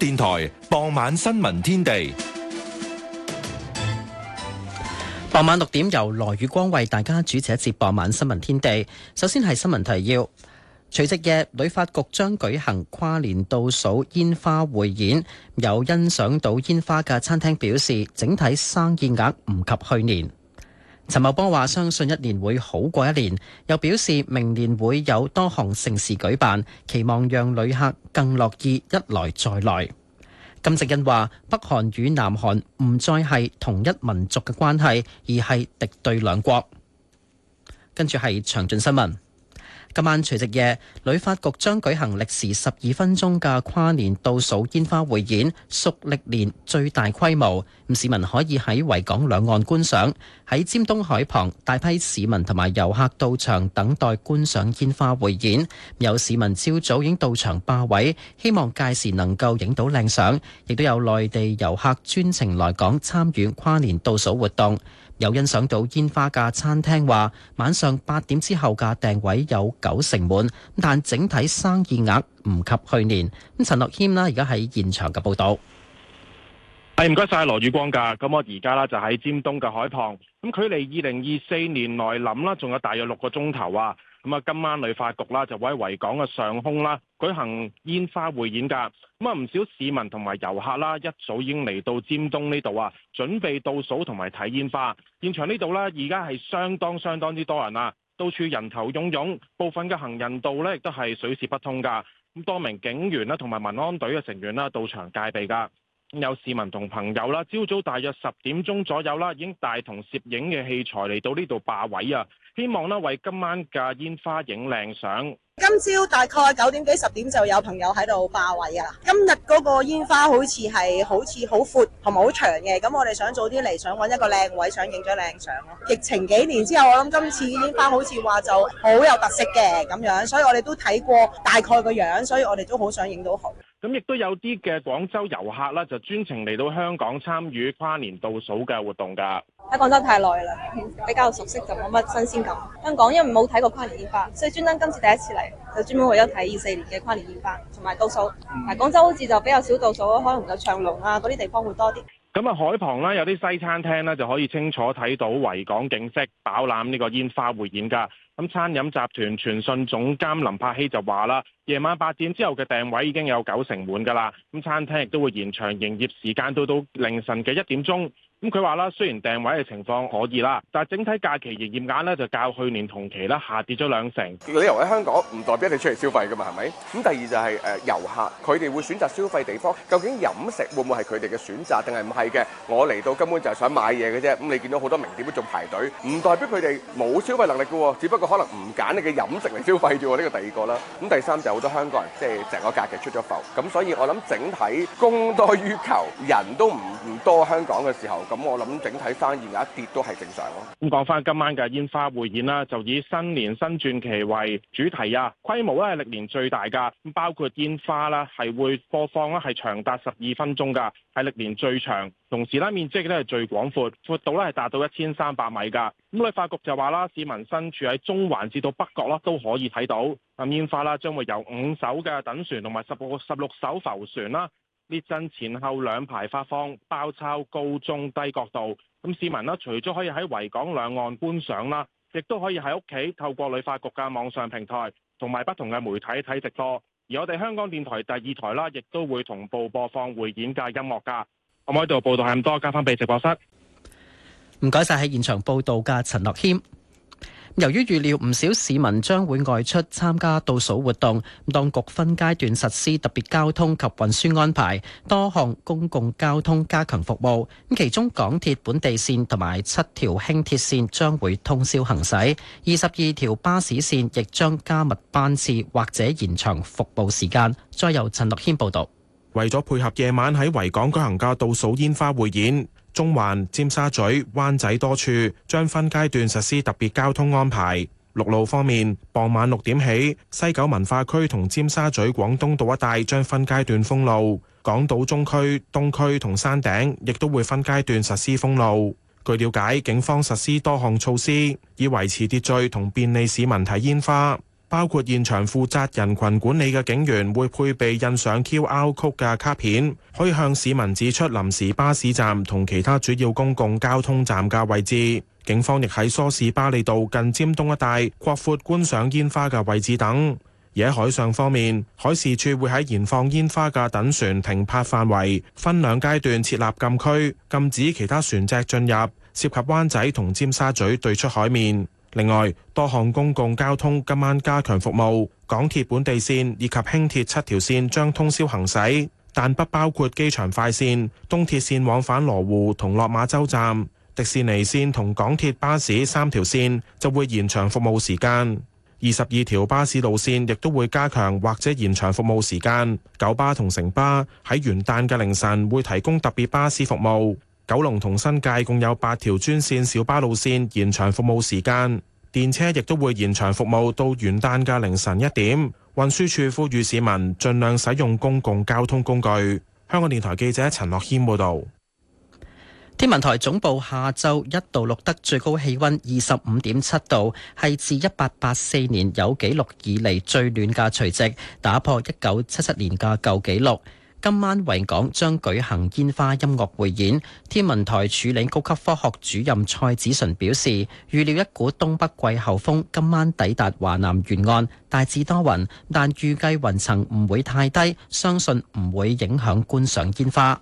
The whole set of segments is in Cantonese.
電台傍晚新聞天地，傍晚六點由羅宇光為大家主持一節傍晚新聞天地。首先係新聞提要，除夕夜旅發局將舉行跨年倒數煙花匯演，有欣賞到煙花嘅餐廳表示，整體生意額唔及去年。陳茂波話：相信一年會好過一年，又表示明年會有多項盛事舉辦，期望讓旅客更樂意一來再來。金正恩話：北韓與南韓唔再係同一民族嘅關係，而係敵對兩國。跟住係詳盡新聞。今晚除夕夜，旅發局將舉行歷時十二分鐘嘅跨年倒數煙花匯演，屬歷年最大規模。市民可以喺維港兩岸觀賞。喺尖東海旁，大批市民同埋遊客到場等待觀賞煙花匯演。有市民朝早已經到場霸位，希望屆時能夠影到靚相。亦都有內地遊客專程來港參與跨年倒數活動。有欣賞到煙花嘅餐廳話，晚上八點之後嘅訂位有九成滿，但整體生意額唔及去年。咁陳樂謙呢而家喺現場嘅報道，係唔該晒羅宇光噶。咁我而家呢就喺尖東嘅海旁，咁距離二零二四年來臨啦，仲有大約六個鐘頭啊。咁啊，今晚旅發局啦就喺維港嘅上空啦舉行煙花匯演噶。咁啊，唔少市民同埋遊客啦一早已經嚟到尖東呢度啊，準備倒數同埋睇煙花。現場呢度咧，而家係相當相當之多人啊，到處人頭湧湧，部分嘅行人道呢亦都係水泄不通噶。咁多名警員啦同埋民安隊嘅成員啦到場戒備噶。有市民同朋友啦，朝早大約十點鐘左右啦，已經帶同攝影嘅器材嚟到呢度霸位啊。希望咧為今晚嘅煙花影靚相。今朝大概九點幾十點就有朋友喺度霸位喇。今日嗰個煙花好似係好似好闊同埋好長嘅，咁我哋想早啲嚟，想揾一個靚位，想影張靚相咯。疫情幾年之後，我諗今次煙花好似話就好有特色嘅咁樣，所以我哋都睇過大概個樣，所以我哋都好想影到好。咁亦都有啲嘅廣州遊客啦，就專程嚟到香港參與跨年倒數嘅活動噶。喺廣州太耐啦，比較熟悉就冇乜新鮮感。香港因為冇睇過跨年煙花，所以專登今次第一次嚟，就專門為咗睇二四年嘅跨年煙花同埋倒數。嗯、但係廣州好似就比較少倒數，可能就長隆啊嗰啲地方會多啲。咁啊、嗯，海旁啦，有啲西餐廳咧，就可以清楚睇到維港景色、飽覽呢個煙花匯演噶。咁餐飲集團傳訊總監林柏希就話啦，夜晚八點之後嘅訂位已經有九成滿噶啦。咁餐廳亦都會延長營業時間到到凌晨嘅一點鐘。咁佢話啦，雖然訂位嘅情況可以啦，但係整體假期營業額呢就較去年同期啦下跌咗兩成。理由喺香港唔代表你出嚟消費噶嘛，係咪？咁第二就係、是、誒、呃、遊客佢哋會選擇消費地方，究竟飲食會唔會係佢哋嘅選擇，定係唔係嘅？我嚟到根本就係想買嘢嘅啫。咁你見到好多名店都仲排隊，唔代表佢哋冇消費能力噶喎，只不過，可能唔揀你嘅飲食嚟消費啫喎，呢個第二個啦。咁第三就好多香港人即係成個假期出咗埠，咁所以我諗整體供多於求，人都唔唔多香港嘅時候，咁我諗整體生意有一跌都係正常咯。咁講翻今晚嘅煙花匯演啦，就以新年新傳奇為主題啊，規模咧係歷年最大噶，咁包括煙花啦係會播放咧係長達十二分鐘噶，係歷年最長。同時咧，面積咧係最廣闊，闊度咧係達到一千三百米㗎。咁旅發局就話啦，市民身處喺中環至到北角咯，都可以睇到。咁煙花啦，將會由五艘嘅等船同埋十六十六艘浮船啦，列陣前後兩排發放，包抄高、中、低角度。咁市民啦，除咗可以喺維港兩岸觀賞啦，亦都可以喺屋企透過旅發局嘅網上平台同埋不同嘅媒體睇直播。而我哋香港電台第二台啦，亦都會同步播放匯演嘅音樂㗎。咁呢度報道係咁多，交翻俾直播室。唔該晒喺現場報道嘅陳樂謙。由於預料唔少市民將會外出參加倒數活動，當局分階段實施特別交通及運輸安排，多項公共交通加強服務。咁其中港鐵本地線同埋七條輕鐵線將會通宵行駛，二十二條巴士線亦將加密班次或者延長服務時間。再由陳樂謙報道。為咗配合夜晚喺維港舉行嘅倒數煙花匯演，中環、尖沙咀、灣仔多處將分階段實施特別交通安排。陸路方面，傍晚六點起，西九文化區同尖沙咀廣東道一帶將分階段封路，港島中區、東區同山頂亦都會分階段實施封路。據了解，警方實施多項措施，以維持秩序同便利市民睇煙花。包括現場負責人群管理嘅警員會配備印上 QR Code 嘅卡片，可以向市民指出臨時巴士站同其他主要公共交通站嘅位置。警方亦喺梳士巴利道近尖東一帶擴闊觀賞煙花嘅位置等。而喺海上方面，海事處會喺燃放煙花嘅躉船停泊範，範圍分兩階段設立禁區，禁止其他船隻進入，涉及灣仔同尖沙咀對出海面。另外，多項公共交通今晚加強服務，港鐵本地線以及輕鐵七條線將通宵行駛，但不包括機場快線、東鐵線往返羅湖同落馬洲站、迪士尼線同港鐵巴士三條線就會延長服務時間。二十二條巴士路線亦都會加強或者延長服務時間，九巴同城巴喺元旦嘅凌晨會提供特別巴士服務。九龍同新界共有八條專線小巴路線延長服務時間，電車亦都會延長服務到元旦嘅凌晨一點。運輸署呼籲市民盡量使用公共交通工具。香港電台記者陳樂謙報道。天文台總部下晝一度錄得最高氣溫二十五點七度，係自一八八四年有紀錄以嚟最暖嘅除夕，打破一九七七年嘅舊紀錄。今晚維港將舉行煙花音樂會演，天文台署理高級科學主任蔡子淳表示，預料一股東北季候風今晚抵達華南沿岸，大致多雲，但預計雲層唔會太低，相信唔會影響觀賞煙花。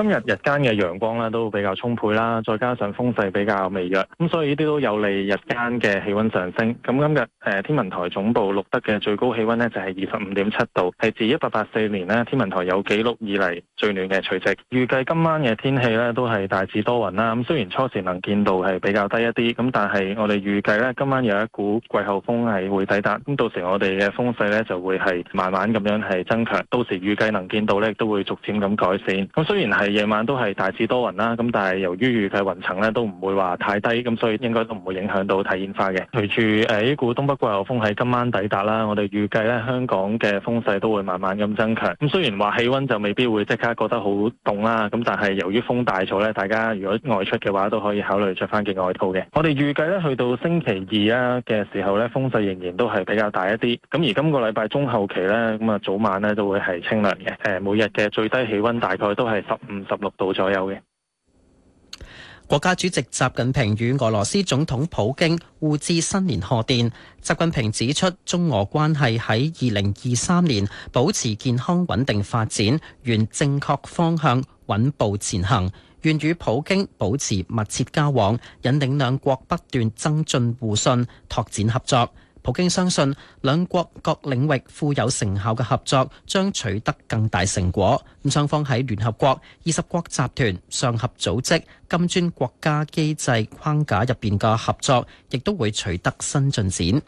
今日日間嘅陽光咧都比較充沛啦，再加上風勢比較微弱，咁、嗯、所以呢啲都有利日間嘅氣温上升。咁今日誒天文台總部錄得嘅最高氣温呢，就係二十五點七度，係自一八八四年呢天文台有記錄以嚟，最暖嘅除夕。預計今晚嘅天氣呢，都係大致多雲啦。咁、嗯、雖然初時能見度係比較低一啲，咁但係我哋預計呢，今晚有一股季候風係會抵達，咁、嗯、到時我哋嘅風勢呢，就會係慢慢咁樣係增強，到時預計能見度咧都會逐漸咁改善。咁、嗯、雖然係。夜晚都係大致多雲啦，咁但係由於預計雲層咧都唔會話太低，咁所以應該都唔會影響到睇煙花嘅。隨住誒呢股東北季候風喺今晚抵達啦，我哋預計咧香港嘅風勢都會慢慢咁增強。咁雖然話氣温就未必會即刻覺得好凍啦，咁但係由於風大咗咧，大家如果外出嘅話，都可以考慮着翻件外套嘅。我哋預計咧去到星期二啊嘅時候咧，風勢仍然都係比較大一啲。咁而今個禮拜中後期咧，咁啊早晚咧都會係清涼嘅。誒，每日嘅最低氣温大概都係十五。五十六度左右嘅。國家主席習近平與俄羅斯總統普京互致新年賀電。習近平指出，中俄關係喺二零二三年保持健康穩定發展，沿正確方向穩步前行，願與普京保持密切交往，引領兩國不斷增進互信，拓展合作。普京相信兩國各領域富有成效嘅合作將取得更大成果。咁雙方喺聯合國、二十國集團、上合組織、金磚國家機制框架入邊嘅合作，亦都會取得新進展。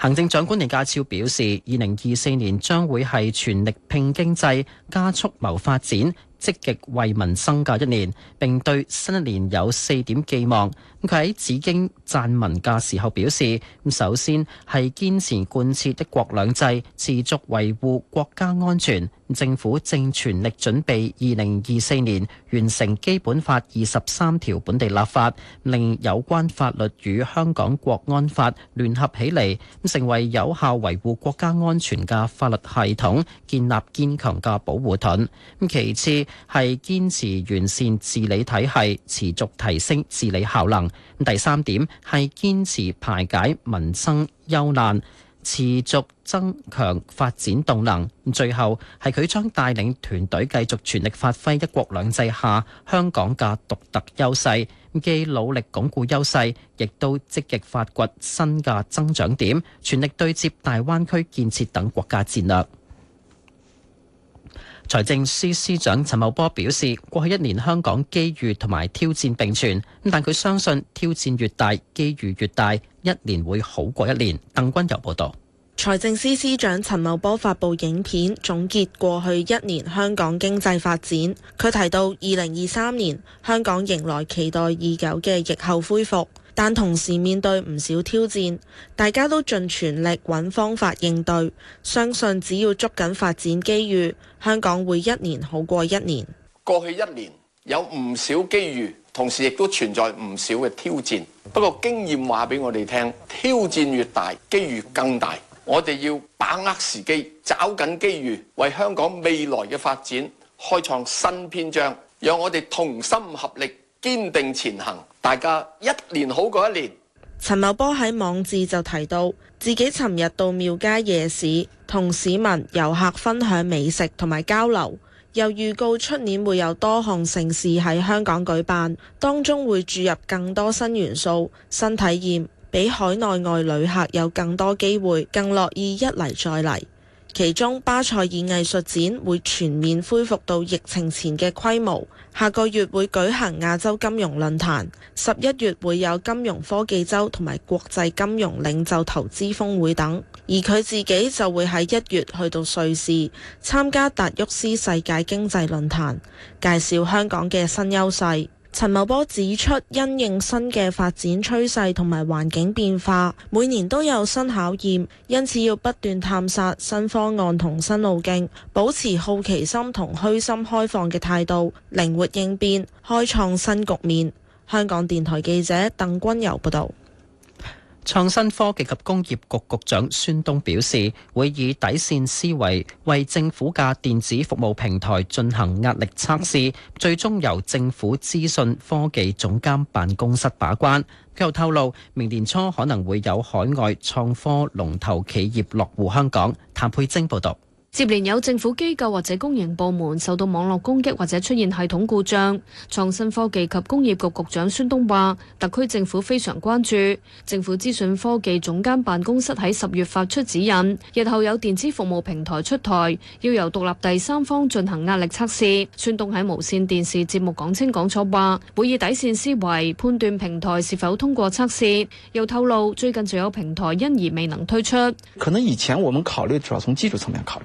行政長官李家超表示，二零二四年將會係全力拼經濟、加速謀發展、積極為民生嘅一年，並對新一年有四點寄望。佢喺紫荊撰文嘅時候表示：首先係堅持貫徹一國兩制，持續維護國家安全。政府正全力準備二零二四年完成基本法二十三條本地立法，令有關法律與香港國安法聯合起嚟，成為有效維護國家安全嘅法律系統，建立堅強嘅保護盾。其次係堅持完善治理體系，持續提升治理效能。第三點係堅持排解民生憂難，持續增強發展動能。最後係佢將帶領團隊繼續全力發揮一國兩制下香港嘅獨特優勢，既努力鞏固優勢，亦都積極發掘新嘅增長點，全力對接大灣區建設等國家戰略。財政司司長陳茂波表示，過去一年香港機遇同埋挑戰並存，但佢相信挑戰越大，機遇越大，一年會好過一年。鄧君柔報導，財政司司長陳茂波發布影片總結過去一年香港經濟發展。佢提到，二零二三年香港迎來期待已久嘅疫後恢復。但同時面對唔少挑戰，大家都盡全力揾方法應對。相信只要捉緊發展機遇，香港會一年好過一年。過去一年有唔少機遇，同時亦都存在唔少嘅挑戰。不過經驗話俾我哋聽，挑戰越大，機遇更大。我哋要把握時機，找緊機遇，為香港未來嘅發展開創新篇章。讓我哋同心合力，堅定前行，大家一年好過一年。陳茂波喺網誌就提到，自己尋日到廟街夜市，同市民、遊客分享美食同埋交流，又預告出年會有多項盛事喺香港舉辦，當中會注入更多新元素、新體驗，俾海內外旅客有更多機會，更樂意一嚟再嚟。其中，巴塞爾藝術展會全面恢復到疫情前嘅規模，下個月會舉行亞洲金融論壇，十一月會有金融科技周同埋國際金融領袖投資峰會等，而佢自己就會喺一月去到瑞士參加達沃斯世界經濟論壇，介紹香港嘅新優勢。陳茂波指出，因應新嘅發展趨勢同埋環境變化，每年都有新考驗，因此要不斷探索新方案同新路徑，保持好奇心同虛心開放嘅態度，靈活應變，開創新局面。香港電台記者鄧君游報道。創新科技及工業局局長孫東表示，會以底線思維為政府嘅電子服務平台進行壓力測試，最終由政府資訊科技總監辦公室把關。佢又透露，明年初可能會有海外創科龍頭企業落戶香港。譚佩晶報導。接連有政府機構或者公營部門受到網絡攻擊或者出現系統故障，創新科技及工業局局長孫東話：特區政府非常關注。政府資訊科技總監辦公室喺十月發出指引，日後有電子服務平台出台，要由獨立第三方進行壓力測試。孫東喺無線電視節目講清講楚話，會以底線思維判斷平台是否通過測試，又透露最近就有平台因而未能推出。可能以前我們考慮主要從技術層面考慮。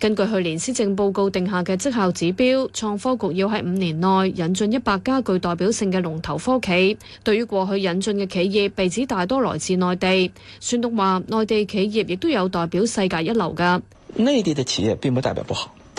根據去年施政報告定下嘅績效指標，創科局要喺五年內引進一百家具代表性嘅龍頭科企。對於過去引進嘅企業，被指大多來自內地。孫東話：內地企業亦都有代表世界一流嘅。內地嘅企業並不代表不好。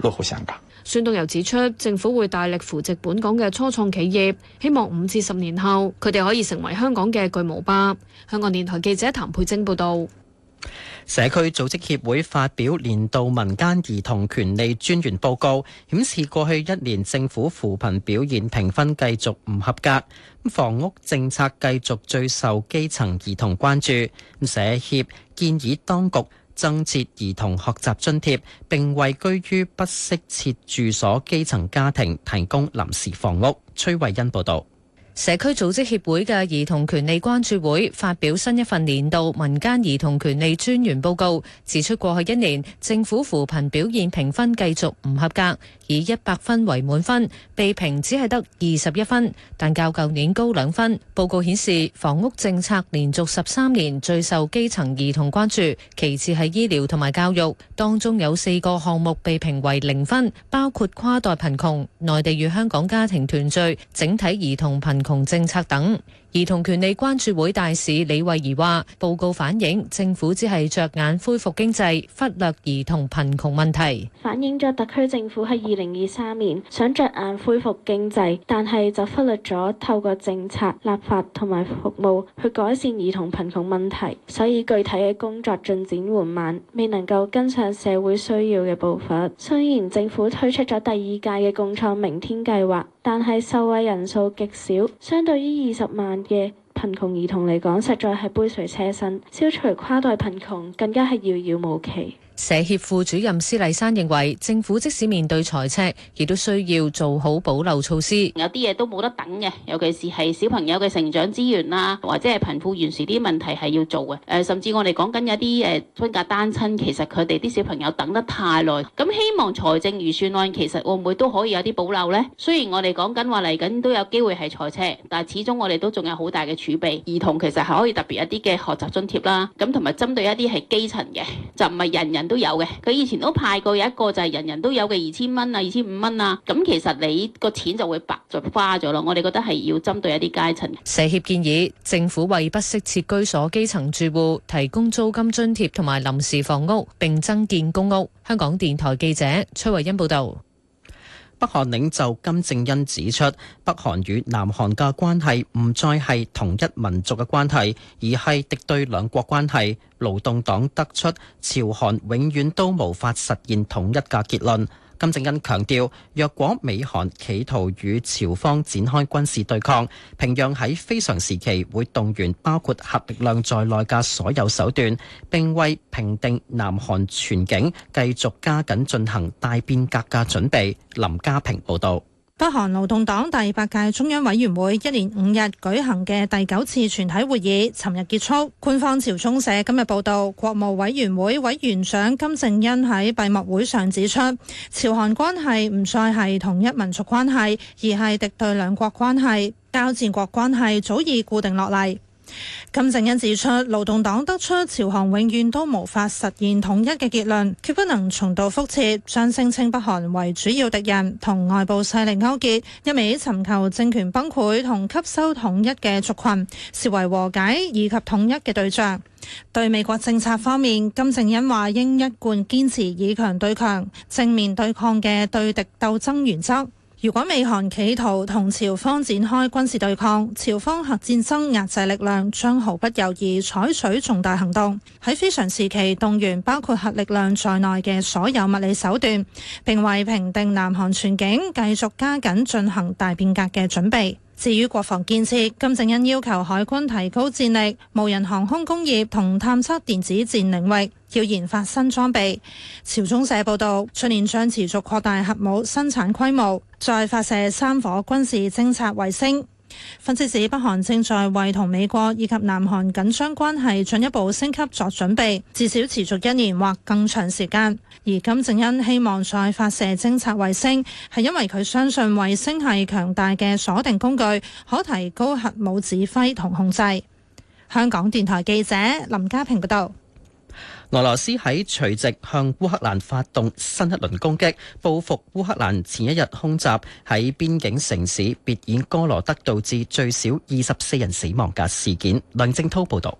都好成噶。孫東又指出，政府會大力扶植本港嘅初創企業，希望五至十年後，佢哋可以成為香港嘅巨無霸。香港電台記者譚佩晶報道。社區組織協會發表年度民間兒童權利專員報告，顯示過去一年政府扶貧表現評分繼續唔合格。房屋政策繼續最受基層兒童關注。社協建議當局。增設兒童學習津貼，並為居於不適切住所基層家庭，提供臨時房屋。崔惠恩報導。社區組織協會嘅兒童權利關注會發表新一份年度民間兒童權利專員報告，指出過去一年政府扶貧表現評分繼續唔合格，以一百分為滿分，被評只係得二十一分，但較舊年高兩分。報告顯示房屋政策連續十三年最受基層兒童關注，其次係醫療同埋教育，當中有四個項目被評為零分，包括跨代貧窮、內地與香港家庭團聚、整體兒童貧窮，同政策等，兒童權利關注會大使李慧儀話：報告反映政府只係着眼恢復經濟，忽略兒童貧窮問題，反映咗特區政府喺二零二三年想着眼恢復經濟，但係就忽略咗透過政策立法同埋服。冇去改善兒童貧窮問題，所以具體嘅工作進展緩慢，未能夠跟上社會需要嘅步伐。雖然政府推出咗第二屆嘅共創明天計劃，但係受惠人數極少，相對於二十萬嘅貧窮兒童嚟講，實在係杯水車薪。消除跨代貧窮更加係遙遙無期。社協副主任施麗珊認為，政府即使面對財赤，亦都需要做好保留措施。有啲嘢都冇得等嘅，尤其是係小朋友嘅成長資源啦，或者係貧富懸殊啲問題係要做嘅。誒、呃，甚至我哋講緊有啲誒分隔單親，其實佢哋啲小朋友等得太耐。咁希望財政預算案其實會唔會都可以有啲保留呢？雖然我哋講緊話嚟緊都有機會係財赤，但係始終我哋都仲有好大嘅儲備。兒童其實係可以特別一啲嘅學習津貼啦，咁同埋針對一啲係基層嘅，就唔係人人,人。都有嘅，佢以前都派過有一個就係人人都有嘅二千蚊啊、二千五蚊啊，咁其實你個錢就會白咗花咗咯。我哋覺得係要針對一啲階層。社協建議政府為不適設居所基層住戶提供租金津貼同埋臨時房屋，並增建公屋。香港電台記者崔慧欣報道。北韓領袖金正恩指出，北韓與南韓嘅關係唔再係同一民族嘅關係，而係敵對兩國關係。勞動黨得出朝韓永遠都無法實現統一嘅結論。金正恩強調，若果美韓企圖與朝方展開軍事對抗，平壤喺非常時期會動員包括核力量在內嘅所有手段，並為平定南韓全境繼續加緊進行大變革嘅準備。林家平報導。北韓勞動黨第八屆中央委員會一連五日舉行嘅第九次全體會議，尋日結束。官方朝中社今日報道，國務委員會委員長金正恩喺閉幕會上指出，朝韓關係唔再係同一民族關係，而係敵對兩國關係、交戰國關係，早已固定落嚟。金正恩指出，勞動黨得出朝韓永遠都無法實現統一嘅結論，決不能重蹈覆轍，將聲稱北韓為主要敵人、同外部勢力勾結、一味尋求政權崩潰同吸收統一嘅族群視為和解以及統一嘅對象。對美國政策方面，金正恩話應一貫堅持以強對強、正面對抗嘅對敵鬥爭原則。如果美韓企圖同朝方展開軍事對抗，朝方核戰爭壓制力量將毫不猶豫採取重大行動，喺非常時期動員包括核力量在內嘅所有物理手段，並為平定南韓全境、繼續加緊進行大變革嘅準備。至於國防建設，金正恩要求海軍提高戰力，無人航空工業同探測電子戰領域要研發新裝備。朝中社報道，出年將持續擴大核武生產規模，再發射三顆軍事偵察衛星。分析指北韓正在為同美國以及南韓緊張關係進一步升級作準備，至少持續一年或更長時間。而金正恩希望再發射偵察衛星，係因為佢相信衛星係強大嘅鎖定工具，可提高核武指揮同控制。香港電台記者林家平報道。俄羅斯喺除夕向烏克蘭發動新一輪攻擊，報復烏克蘭前一日空襲喺邊境城市別爾哥羅德導致最少二十四人死亡嘅事件。梁正濤報道。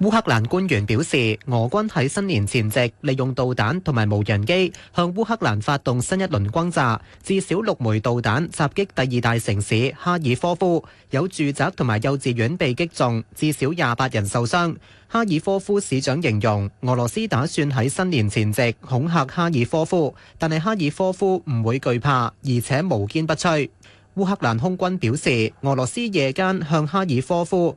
烏克蘭官員表示，俄軍喺新年前夕利用導彈同埋無人機向烏克蘭發動新一輪轟炸，至少六枚導彈襲擊第二大城市哈爾科夫，有住宅同埋幼稚園被擊中，至少廿八人受傷。哈爾科夫市長形容，俄羅斯打算喺新年前夕恐嚇哈爾科夫，但係哈爾科夫唔會懼怕，而且無堅不摧。烏克蘭空軍表示，俄羅斯夜間向哈爾科夫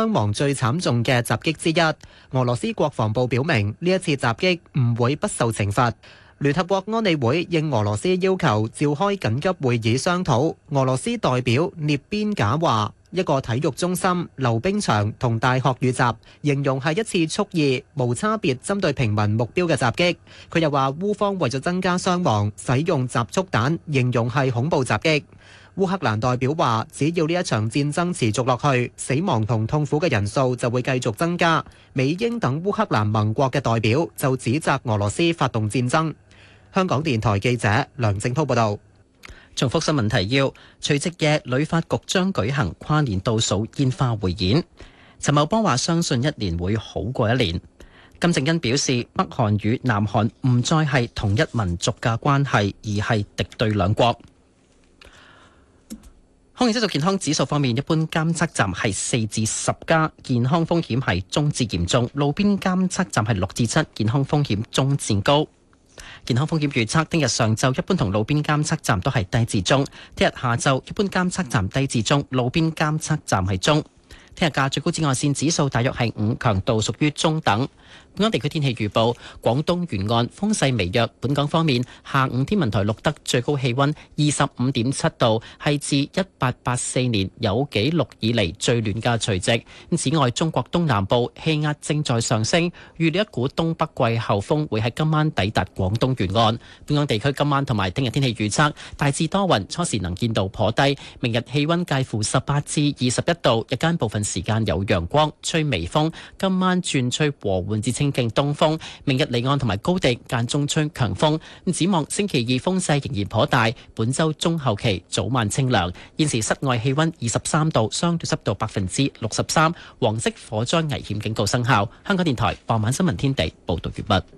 傷亡最慘重嘅襲擊之一，俄羅斯國防部表明呢一次襲擊唔會不受懲罰。聯合國安理會應俄羅斯要求召開緊急會議商討。俄羅斯代表涅邊賈話：一個體育中心、溜冰場同大學聚集，形容係一次蓄意無差別針對平民目標嘅襲擊。佢又話烏方為咗增加傷亡，使用集束彈，形容係恐怖襲擊。烏克蘭代表話：只要呢一場戰爭持續落去，死亡同痛苦嘅人數就會繼續增加。美英等烏克蘭盟國嘅代表就指責俄羅斯發動戰爭。香港電台記者梁正滔報道。重複新聞提要：除夕夜，旅發局將舉行跨年倒數煙花匯演。陳茂波話：相信一年會好過一年。金正恩表示，北韓與南韓唔再係同一民族嘅關係，而係敵對兩國。空氣質素健康指數方面，一般監測站係四至十加，健康風險係中至嚴重；路邊監測站係六至七，健康風險中至高。健康風險預測：聽日上晝一般同路邊監測站都係低至中；聽日下晝一般監測站低至中，路邊監測站係中。聽日嘅最高紫外線指數大約係五，強度屬於中等。本港地區天氣預報，廣東沿岸風勢微弱。本港方面，下午天文台錄得最高氣温二十五點七度，係自一八八四年有紀錄以嚟最暖嘅除夕。此外，中國東南部氣壓正在上升，預料一股東北季候風會喺今晚抵達廣東沿岸。本港地區今晚同埋聽日天氣預測大致多雲，初時能見度頗低。明日氣温介乎十八至二十一度，日間部分時間有陽光，吹微風。今晚轉吹和緩。至清勁東風，明日離岸同埋高地間中吹強風。咁展望星期二風勢仍然頗大，本周中後期早晚清涼。現時室外氣溫二十三度，相對濕度百分之六十三，黃色火災危險警告生效。香港電台傍晚新聞天地，報道完畢。